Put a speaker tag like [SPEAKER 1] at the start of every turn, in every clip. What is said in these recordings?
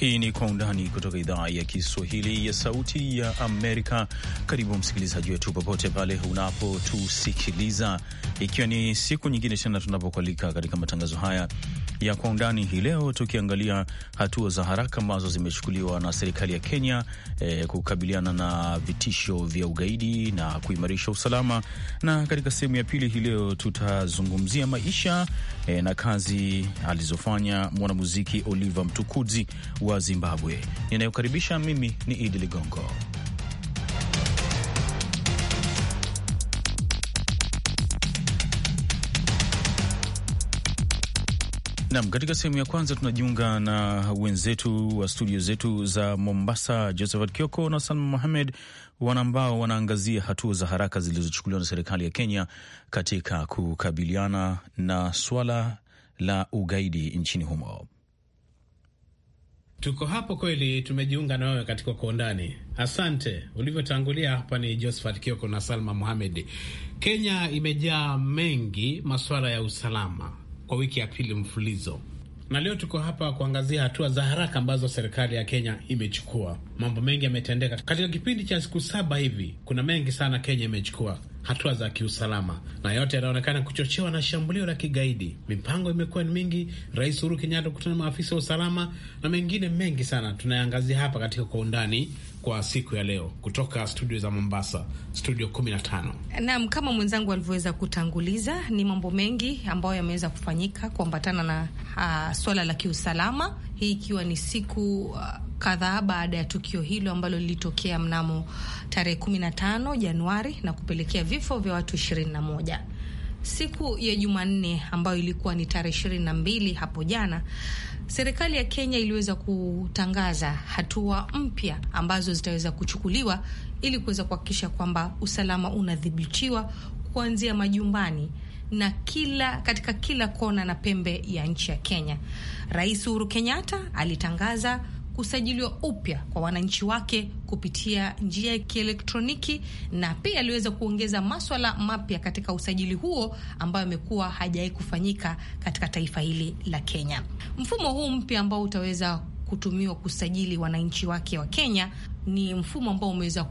[SPEAKER 1] Hii ni Kwa Undani kutoka idhaa ya Kiswahili ya Sauti ya Amerika. Karibu msikilizaji wetu popote pale unapotusikiliza, ikiwa ni siku nyingine tena tunapokualika katika matangazo haya ya Kwa Undani hii leo, tukiangalia hatua za haraka ambazo zimechukuliwa na serikali ya Kenya eh, kukabiliana na vitisho vya ugaidi na kuimarisha usalama. Na katika sehemu ya pili hii leo tutazungumzia maisha eh, na kazi alizofanya mwanamuziki Oliver Mtukudzi wa Zimbabwe. Ninayokaribisha mimi ni Idi Ligongo. Nam, katika sehemu ya kwanza tunajiunga na wenzetu wa studio zetu za Mombasa, Josephat Kioko na Salma Mohamed wanaambao wanaangazia hatua za haraka zilizochukuliwa na serikali ya Kenya katika kukabiliana na swala la ugaidi nchini humo.
[SPEAKER 2] Tuko hapo kweli, tumejiunga na wewe katika kwa undani. Asante. Ulivyotangulia hapa ni Josephat Kioko na Salma Mohamed. Kenya imejaa mengi masuala ya usalama kwa wiki ya pili mfulizo. Na leo tuko hapa kuangazia hatua za haraka ambazo serikali ya Kenya imechukua. Mambo mengi yametendeka katika kipindi cha siku saba hivi. Kuna mengi sana Kenya imechukua hatua za kiusalama na yote yanaonekana kuchochewa na shambulio la kigaidi. Mipango imekuwa ni mingi, Rais Uhuru Kenyatta kukutana maafisa wa usalama na mengine mengi sana tunayangazia hapa katika kwa undani kwa siku ya leo kutoka studio za Mombasa, studio 15.
[SPEAKER 3] Naam, kama mwenzangu alivyoweza kutanguliza, ni mambo mengi ambayo yameweza kufanyika kuambatana na uh, swala la kiusalama, hii ikiwa ni siku uh, kadhaa baada ya tukio hilo ambalo lilitokea mnamo tarehe 15 Januari na kupelekea vifo vya watu 21. Siku ya Jumanne ambayo ilikuwa ni tarehe 22 hapo jana serikali ya Kenya iliweza kutangaza hatua mpya ambazo zitaweza kuchukuliwa ili kuweza kuhakikisha kwamba usalama unadhibitiwa kuanzia majumbani na kila katika kila kona na pembe ya nchi ya Kenya. Rais Uhuru Kenyatta alitangaza kusajiliwa upya kwa wananchi wake kupitia njia ya kielektroniki, na pia aliweza kuongeza maswala mapya katika usajili huo ambayo amekuwa hajawahi kufanyika katika taifa hili la Kenya. Mfumo huu mpya ambao utaweza kutumiwa kusajili wananchi wake wa Kenya ni mfumo ambao umeweza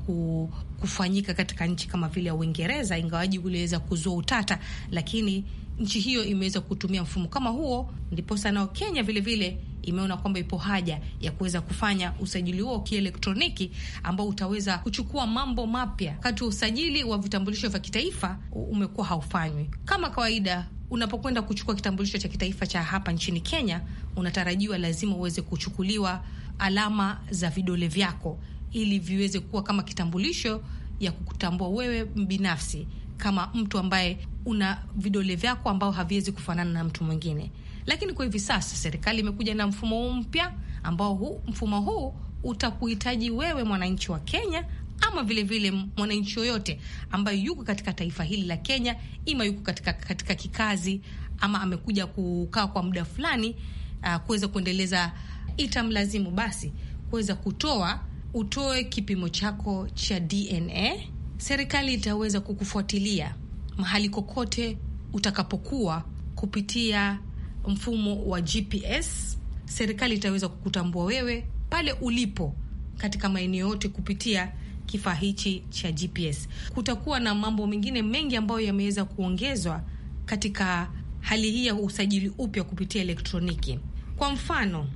[SPEAKER 3] kufanyika katika nchi kama vile Uingereza, ingawaji uliweza kuzua utata, lakini nchi hiyo imeweza kutumia mfumo kama huo, ndiposa nao Kenya vilevile imeona kwamba ipo haja ya kuweza kufanya usajili huo kielektroniki ambao utaweza kuchukua mambo mapya. Wakati wa usajili wa vitambulisho vya kitaifa umekuwa haufanywi kama kawaida. Unapokwenda kuchukua kitambulisho cha kitaifa cha hapa nchini Kenya, unatarajiwa lazima uweze kuchukuliwa alama za vidole vyako ili viweze kuwa kama kitambulisho ya kukutambua wewe binafsi kama mtu ambaye una vidole vyako ambao haviwezi kufanana na mtu mwingine. Lakini kwa hivi sasa serikali imekuja na mfumo huu mpya, ambao huu mfumo huu utakuhitaji wewe mwananchi wa Kenya ama vilevile mwananchi yoyote ambaye yuko katika taifa hili la Kenya, ima yuko katika, katika kikazi ama amekuja kukaa kwa muda fulani uh, kuweza kuendeleza, itamlazimu basi kuweza kutoa utoe kipimo chako cha DNA. Serikali itaweza kukufuatilia mahali kokote utakapokuwa kupitia mfumo wa GPS, serikali itaweza kukutambua wewe pale ulipo katika maeneo yote kupitia kifaa hichi cha GPS. Kutakuwa na mambo mengine mengi ambayo yameweza kuongezwa katika hali hii ya usajili upya kupitia elektroniki. Kwa mfano,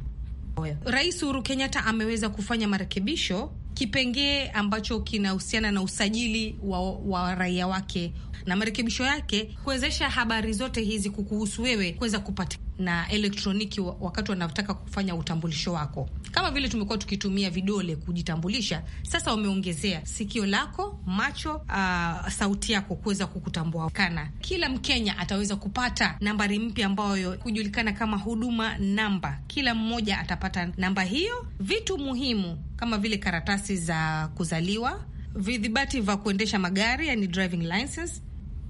[SPEAKER 3] Rais Uhuru Kenyatta ameweza kufanya marekebisho kipengee ambacho kinahusiana na usajili wa, wa raia wake na marekebisho yake kuwezesha habari zote hizi kukuhusu wewe kuweza kupata na elektroniki wakati wanataka kufanya utambulisho wako. Kama vile tumekuwa tukitumia vidole kujitambulisha, sasa wameongezea sikio lako, macho, uh, sauti yako kuweza kukutambua kana. Kila Mkenya ataweza kupata nambari mpya ambayo kujulikana kama huduma namba. Kila mmoja atapata namba hiyo. Vitu muhimu kama vile karatasi za kuzaliwa, vidhibati vya kuendesha magari, yani driving license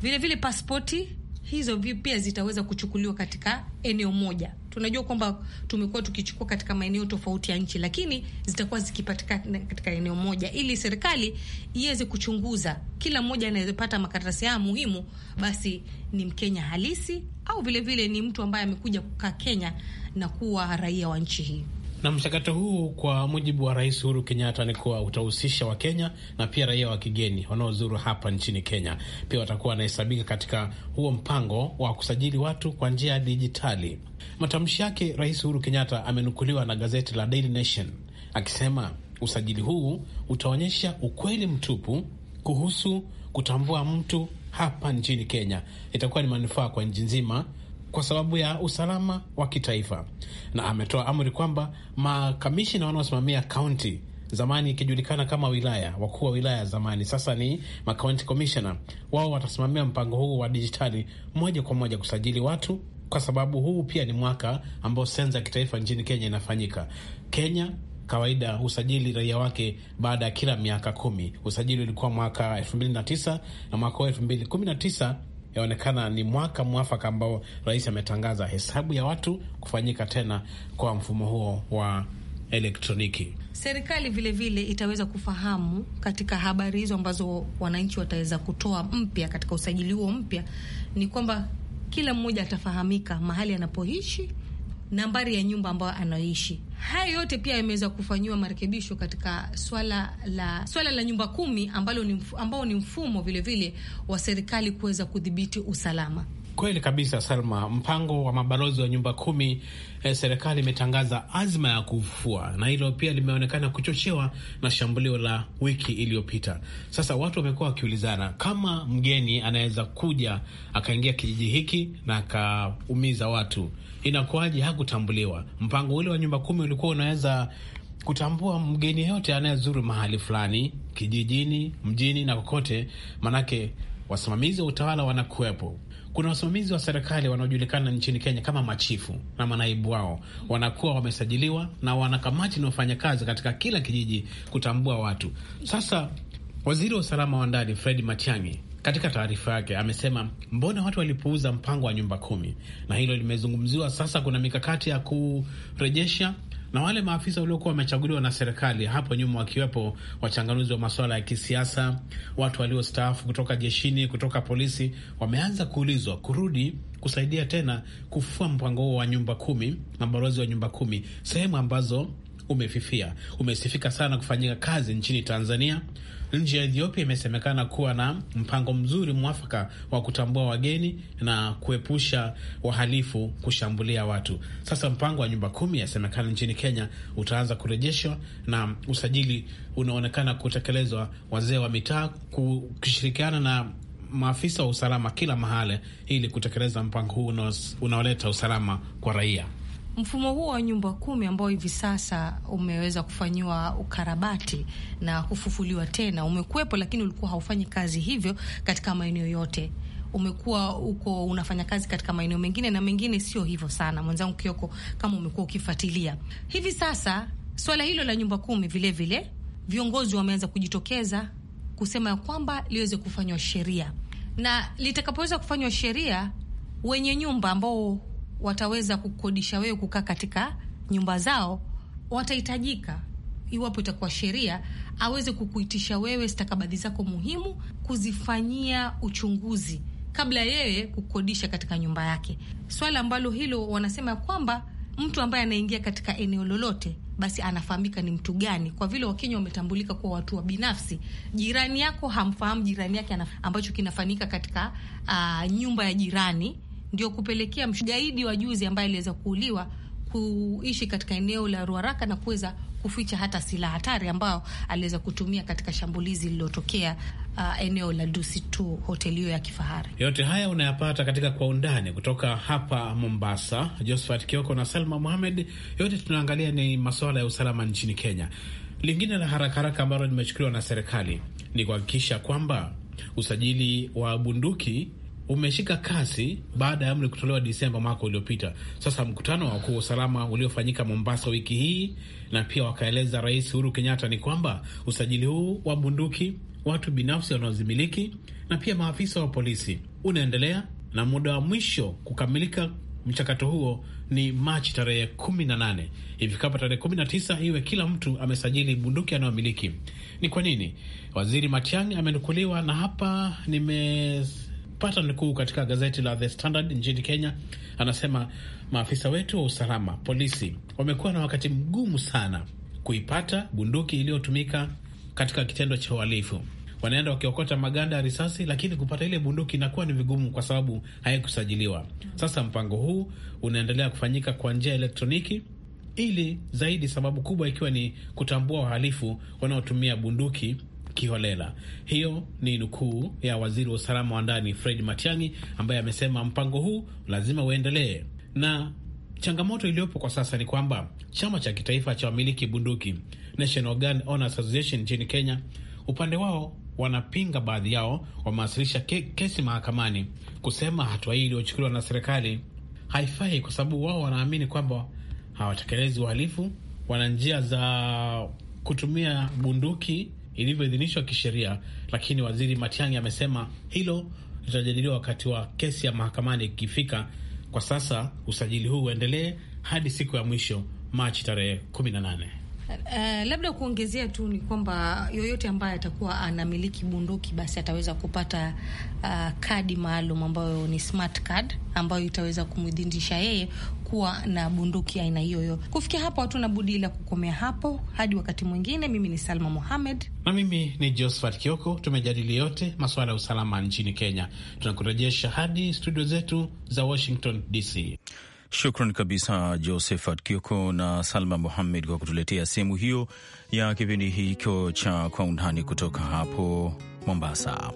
[SPEAKER 3] Vilevile vile paspoti hizo pia zitaweza kuchukuliwa katika eneo moja. Tunajua kwamba tumekuwa tukichukua katika maeneo tofauti ya nchi, lakini zitakuwa zikipatikana katika eneo moja, ili serikali iweze kuchunguza kila mmoja anayepata makaratasi haya muhimu, basi ni Mkenya halisi au vilevile vile ni mtu ambaye amekuja kukaa Kenya na kuwa raia wa nchi hii.
[SPEAKER 2] Na mchakato huu kwa mujibu wa Rais Uhuru Kenyatta ni kuwa utahusisha Wakenya na pia raia wa kigeni wanaozuru hapa nchini Kenya. Pia watakuwa wanahesabika katika huo mpango wa kusajili watu kwa njia ya dijitali. Matamshi yake Rais Uhuru Kenyatta amenukuliwa na gazeti la Daily Nation akisema usajili huu utaonyesha ukweli mtupu kuhusu kutambua mtu hapa nchini Kenya. Itakuwa ni manufaa kwa nchi nzima kwa sababu ya usalama wa kitaifa, na ametoa amri kwamba makamishina wanaosimamia kaunti zamani ikijulikana kama wilaya, wakuu wa wilaya zamani, sasa ni macounty commissioner, wao watasimamia mpango huu wa dijitali moja kwa moja kusajili watu, kwa sababu huu pia ni mwaka ambao sensa ya kitaifa nchini Kenya inafanyika. Kenya kawaida usajili raia wake baada ya kila miaka kumi. Usajili ulikuwa mwaka elfu mbili na tisa na mwaka huu elfu mbili kumi na tisa yaonekana ni mwaka mwafaka ambao rais ametangaza hesabu ya watu kufanyika tena kwa mfumo huo wa elektroniki.
[SPEAKER 3] Serikali vilevile vile itaweza kufahamu katika habari hizo ambazo wananchi wataweza kutoa mpya katika usajili huo mpya, ni kwamba kila mmoja atafahamika mahali anapoishi nambari ya nyumba ambayo anaishi. Haya yote pia yameweza kufanyiwa marekebisho katika swala la swala la nyumba kumi ambalo ni, ambao ni mfumo vilevile vile wa serikali kuweza kudhibiti usalama.
[SPEAKER 2] Kweli kabisa, Salma. Mpango wa mabalozi wa nyumba kumi eh, serikali imetangaza azma ya kufua na hilo pia limeonekana kuchochewa na shambulio la wiki iliyopita. Sasa watu wamekuwa wakiulizana kama mgeni anaweza kuja akaingia kijiji hiki na akaumiza watu inakuwaje hakutambuliwa? Mpango ule wa nyumba kumi ulikuwa unaweza kutambua mgeni yote anayezuru mahali fulani, kijijini, mjini na kokote, manake wasimamizi wa utawala wanakuwepo. Kuna wasimamizi wa serikali wanaojulikana nchini Kenya kama machifu na manaibu wao, wanakuwa wamesajiliwa na wanakamati inayofanya kazi katika kila kijiji kutambua watu. Sasa waziri wa usalama wa ndani Fred Matiang'i katika taarifa yake amesema mbona watu walipuuza mpango wa nyumba kumi, na hilo limezungumziwa sasa. Kuna mikakati ya kurejesha na wale maafisa waliokuwa wamechaguliwa na serikali hapo nyuma, wakiwepo wachanganuzi wa masuala ya kisiasa, watu waliostaafu kutoka jeshini, kutoka polisi, wameanza kuulizwa kurudi kusaidia tena kufufua mpango huo wa nyumba kumi na wa nyumba kumi sehemu ambazo umefifia. Umesifika sana kufanyika kazi nchini Tanzania Nchi ya Ethiopia imesemekana kuwa na mpango mzuri mwafaka wa kutambua wageni na kuepusha wahalifu kushambulia watu. Sasa mpango wa nyumba kumi yasemekana nchini Kenya utaanza kurejeshwa na usajili unaonekana kutekelezwa, wazee wa mitaa kushirikiana na maafisa wa usalama kila mahali ili kutekeleza mpango huu unaoleta usalama kwa raia.
[SPEAKER 3] Mfumo huo wa nyumba kumi ambao hivi sasa umeweza kufanyiwa ukarabati na kufufuliwa tena umekuwepo, lakini ulikuwa haufanyi kazi hivyo katika maeneo yote umekuwa uko unafanya kazi katika maeneo mengine na mengine sio hivyo sana. Mwenzangu Kioko, kama umekuwa ukifuatilia hivi sasa swala hilo la nyumba kumi, vilevile vile, viongozi wameanza kujitokeza kusema ya kwamba liweze kufanywa sheria, na litakapoweza kufanywa sheria, wenye nyumba ambao wataweza kukodisha wewe kukaa katika nyumba zao, watahitajika iwapo itakuwa sheria aweze kukuitisha wewe stakabadhi zako muhimu, kuzifanyia uchunguzi kabla yeye kukodisha katika nyumba yake, swala ambalo hilo wanasema kwamba mtu ambaye anaingia katika eneo lolote basi anafahamika ni mtu gani. Kwa vile Wakenya wametambulika kuwa watu wa binafsi, jirani yako hamfahamu jirani yake, ambacho kinafanyika katika uh, nyumba ya jirani ndio kupelekea mgaidi wa juzi ambaye aliweza kuuliwa kuishi katika eneo la Ruaraka na kuweza kuficha hata silaha hatari ambao aliweza kutumia katika shambulizi lililotokea uh, eneo la Dusi tu hoteli hiyo ya kifahari.
[SPEAKER 2] Yote haya unayapata katika kwa undani kutoka hapa Mombasa. Josephat Kioko na Salma Mohamed, yote tunaangalia ni masuala ya usalama nchini Kenya. Lingine la haraka haraka ambalo limechukuliwa na serikali ni kuhakikisha kwamba usajili wa bunduki umeshika kasi baada ya amri kutolewa Disemba mwaka uliopita. Sasa mkutano wa wakuu wa usalama uliofanyika Mombasa wiki hii, na pia wakaeleza Rais Uhuru Kenyatta ni kwamba usajili huu wa bunduki, watu binafsi wanaozimiliki na pia maafisa wa polisi unaendelea, na muda wa mwisho kukamilika mchakato huo ni Machi tarehe 18. Ifikapo tarehe tisa iwe kila mtu amesajili bunduki anayomiliki. Ni kwa nini? Waziri Matiang'i amenukuliwa na hapa nime patan kuu katika gazeti la The Standard nchini Kenya anasema maafisa wetu wa usalama, polisi, wamekuwa na wakati mgumu sana kuipata bunduki iliyotumika katika kitendo cha uhalifu. Wanaenda wakiokota maganda ya risasi, lakini kupata ile bunduki inakuwa ni vigumu kwa sababu haikusajiliwa. Sasa mpango huu unaendelea kufanyika kwa njia ya elektroniki ili zaidi, sababu kubwa ikiwa ni kutambua wahalifu wanaotumia bunduki kiholela. Hiyo ni nukuu ya waziri wa usalama wa ndani Fred Matiang'i ambaye amesema mpango huu lazima uendelee na changamoto iliyopo kwa sasa ni kwamba chama cha kitaifa cha wamiliki bunduki National Gun Owners Association nchini Kenya, upande wao wanapinga, baadhi yao wamewasilisha ke kesi mahakamani kusema hatua hii iliyochukuliwa na serikali haifai, kwa sababu wao wanaamini kwamba hawatekelezi uhalifu, wana njia za kutumia bunduki ilivyoidhinishwa kisheria, lakini waziri Matiang'i amesema hilo litajadiliwa wakati wa kesi ya mahakamani ikifika. Kwa sasa usajili huu uendelee hadi siku ya mwisho Machi tarehe 18.
[SPEAKER 3] Uh, labda kuongezea tu ni kwamba yoyote ambaye atakuwa anamiliki bunduki basi ataweza kupata uh, kadi maalum ambayo ni smart card ambayo itaweza kumwidhinisha yeye kuwa na bunduki aina hiyo hiyo. Kufikia hapo, hatuna budi ila kukomea hapo hadi wakati mwingine. Mimi ni Salma Mohamed
[SPEAKER 2] na mimi ni Josephat Kioko. Tumejadili yote masuala ya usalama nchini Kenya. Tunakurejesha hadi studio zetu za Washington DC.
[SPEAKER 1] Shukran kabisa Josephat Kioko na Salma Muhammed kwa kutuletea sehemu hiyo ya kipindi hicho cha Kwa Undani kutoka hapo Mombasa.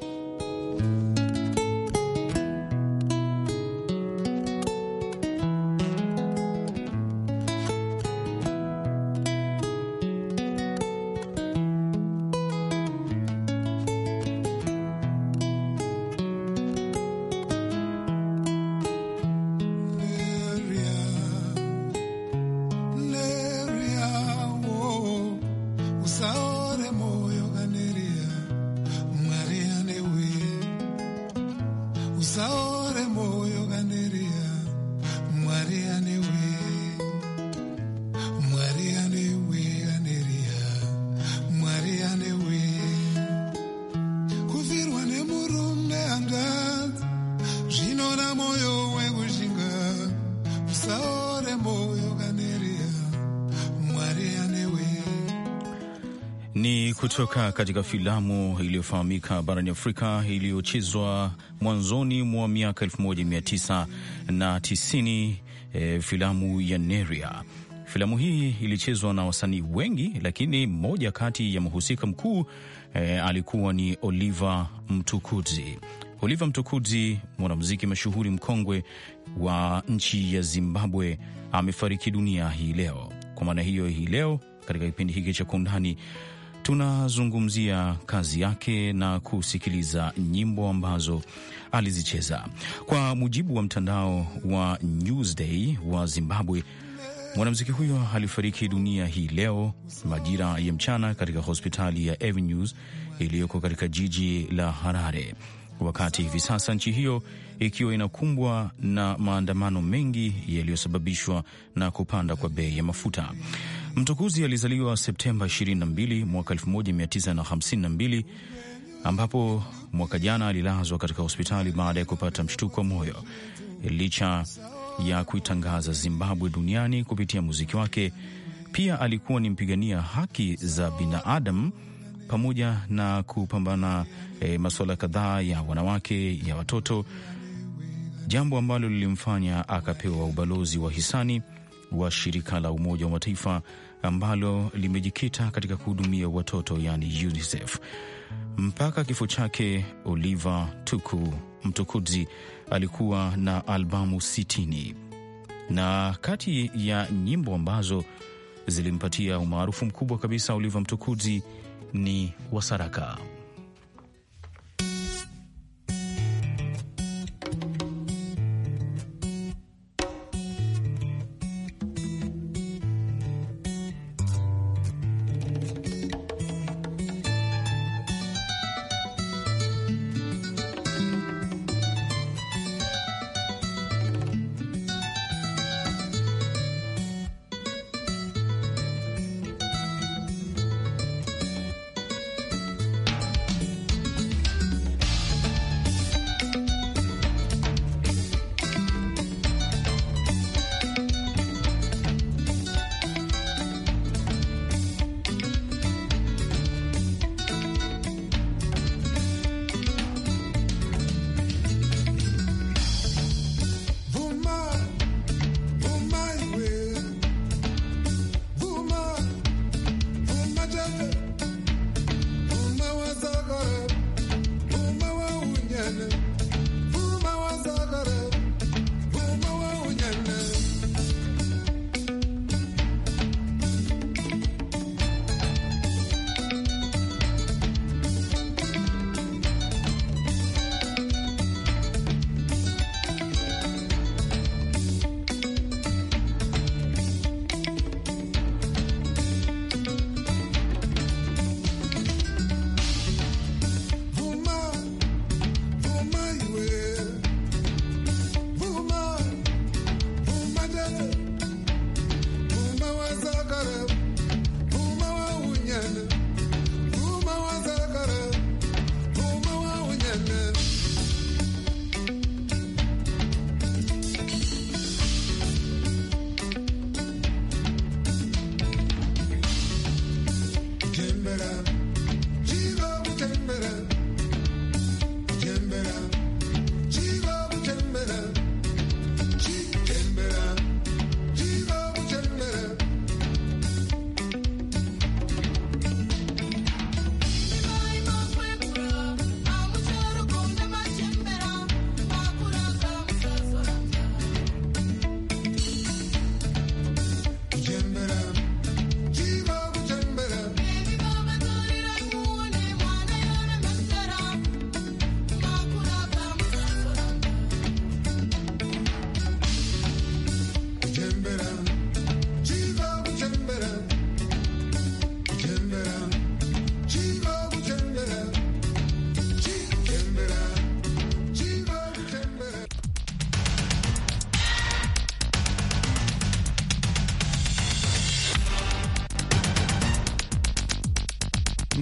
[SPEAKER 1] kutoka katika filamu iliyofahamika barani Afrika iliyochezwa mwanzoni mwa miaka 1990 e, eh, filamu ya Neria. Filamu hii ilichezwa na wasanii wengi, lakini mmoja kati ya mhusika mkuu e, alikuwa ni Oliver Mtukudzi. Oliver Mtukudzi, mwanamuziki mashuhuri mkongwe wa nchi ya Zimbabwe, amefariki dunia hii leo. Kwa maana hiyo, hii leo katika kipindi hiki cha Kwa Undani tunazungumzia kazi yake na kusikiliza nyimbo ambazo alizicheza. Kwa mujibu wa mtandao wa Newsday wa Zimbabwe, mwanamuziki huyo alifariki dunia hii leo majira ya mchana katika hospitali ya Avenues iliyoko katika jiji la Harare, wakati hivi sasa nchi hiyo ikiwa inakumbwa na maandamano mengi yaliyosababishwa na kupanda kwa bei ya mafuta. Mtukuzi alizaliwa Septemba 22 mwaka 1952 ambapo mwaka jana alilazwa katika hospitali baada ya kupata mshtuko wa moyo. Licha ya kuitangaza Zimbabwe duniani kupitia muziki wake, pia alikuwa ni mpigania haki za binadamu pamoja na kupambana e, masuala kadhaa ya wanawake, ya watoto, jambo ambalo lilimfanya akapewa ubalozi wa hisani wa shirika la Umoja wa Mataifa ambalo limejikita katika kuhudumia watoto yani UNICEF. Mpaka kifo chake, olive Tuku Mtukudzi alikuwa na albamu 60 na kati ya nyimbo ambazo zilimpatia umaarufu mkubwa kabisa oliva Mtukudzi ni Wasaraka.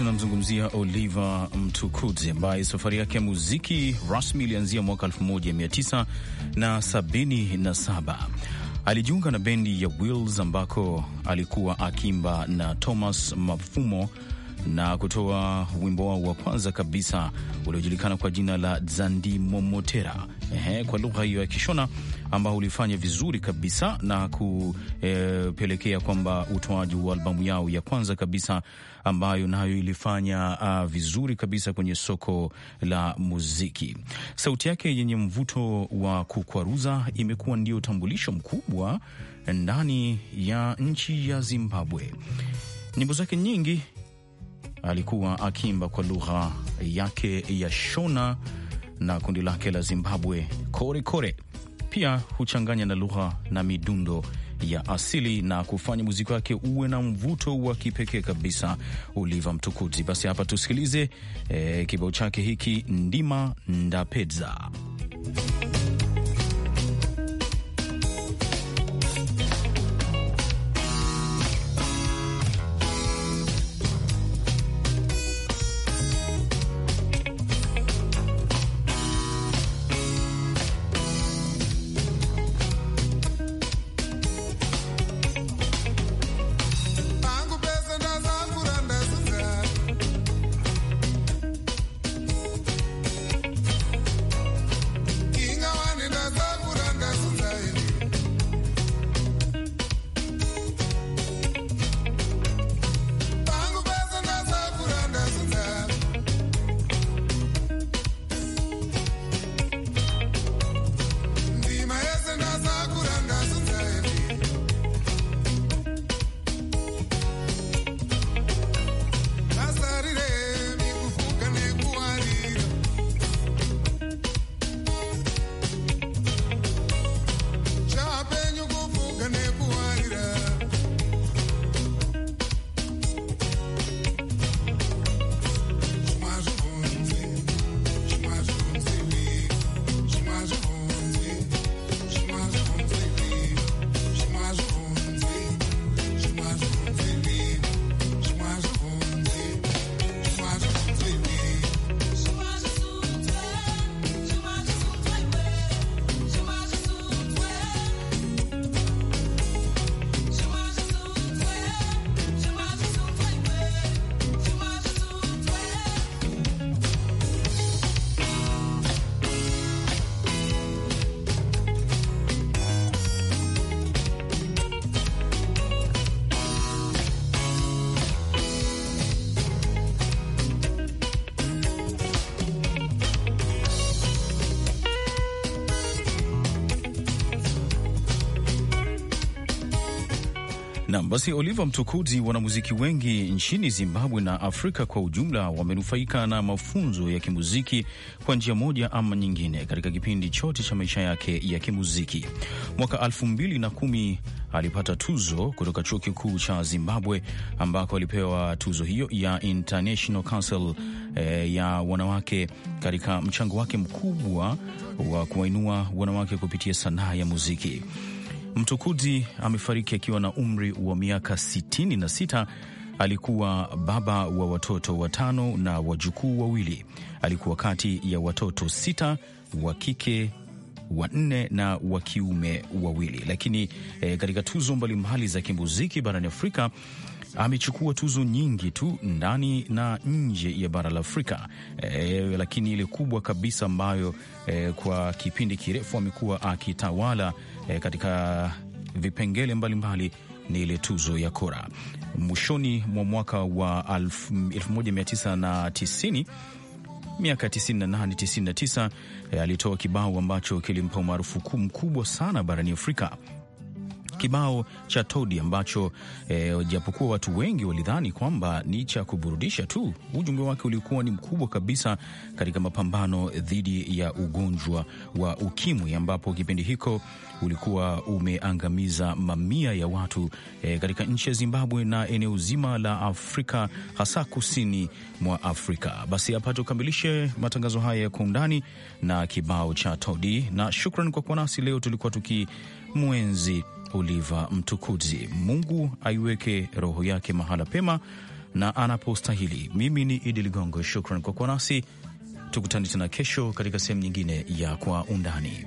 [SPEAKER 1] tunamzungumzia Oliver Mtukudzi ambaye safari yake ya muziki rasmi ilianzia mwaka 1977. Alijiunga na bendi ya Wills ambako alikuwa akimba na Thomas Mafumo na kutoa wimbo wao wa kwanza kabisa uliojulikana kwa jina la Zandi Momotera ehe, kwa lugha hiyo ya Kishona ambao ulifanya vizuri kabisa na kupelekea e, kwamba utoaji wa albamu yao ya kwanza kabisa ambayo nayo ilifanya uh, vizuri kabisa kwenye soko la muziki. Sauti yake yenye mvuto wa kukwaruza imekuwa ndio utambulisho mkubwa ndani ya nchi ya Zimbabwe. Nyimbo zake nyingi alikuwa akiimba kwa lugha yake ya Shona na kundi lake la Zimbabwe Kore Kore. Pia huchanganya na lugha na midundo ya asili na kufanya muziki wake uwe na mvuto wa kipekee kabisa. uliva Mtukudzi, basi hapa tusikilize e, kibao chake hiki Ndima Ndapedza. Basi Oliver Mtukudzi, wanamuziki wengi nchini Zimbabwe na Afrika kwa ujumla wamenufaika na mafunzo ya kimuziki kwa njia moja ama nyingine katika kipindi chote cha maisha yake ya kimuziki. Mwaka 21 alipata tuzo kutoka chuo kikuu cha Zimbabwe ambako alipewa tuzo hiyo ya International Council eh, ya wanawake katika mchango wake mkubwa wa kuwainua wanawake kupitia sanaa ya muziki. Mtukudzi amefariki akiwa na umri wa miaka 66. Alikuwa baba wa watoto watano na wajukuu wawili. Alikuwa kati ya watoto sita wa kike wanne na wa kiume wawili. Lakini e, katika tuzo mbalimbali za kimuziki barani Afrika amechukua tuzo nyingi tu ndani na nje ya bara la Afrika e, lakini ile kubwa kabisa ambayo e, kwa kipindi kirefu amekuwa akitawala e, katika vipengele mbalimbali ni ile tuzo ya Kora. Mwishoni mwa mwaka wa 1990 miaka 98 99, eh, alitoa kibao ambacho kilimpa umaarufu mkubwa sana barani Afrika kibao cha Todi ambacho e, japokuwa watu wengi walidhani kwamba ni cha kuburudisha tu, ujumbe wake ulikuwa ni mkubwa kabisa katika mapambano dhidi ya ugonjwa wa ukimwi, ambapo kipindi hiko ulikuwa umeangamiza mamia ya watu e, katika nchi ya Zimbabwe na eneo zima la Afrika hasa kusini mwa Afrika. Basi hapa tukamilishe matangazo haya ya kwa undani na kibao cha Todi, na shukran kwa kuwa nasi leo. Tulikuwa tukimwenzi Oliva Mtukudzi. Mungu aiweke roho yake mahala pema na anapostahili. Mimi ni Idi Ligongo, shukran kwa kuwa nasi. Tukutane tena kesho katika sehemu nyingine ya Kwa Undani.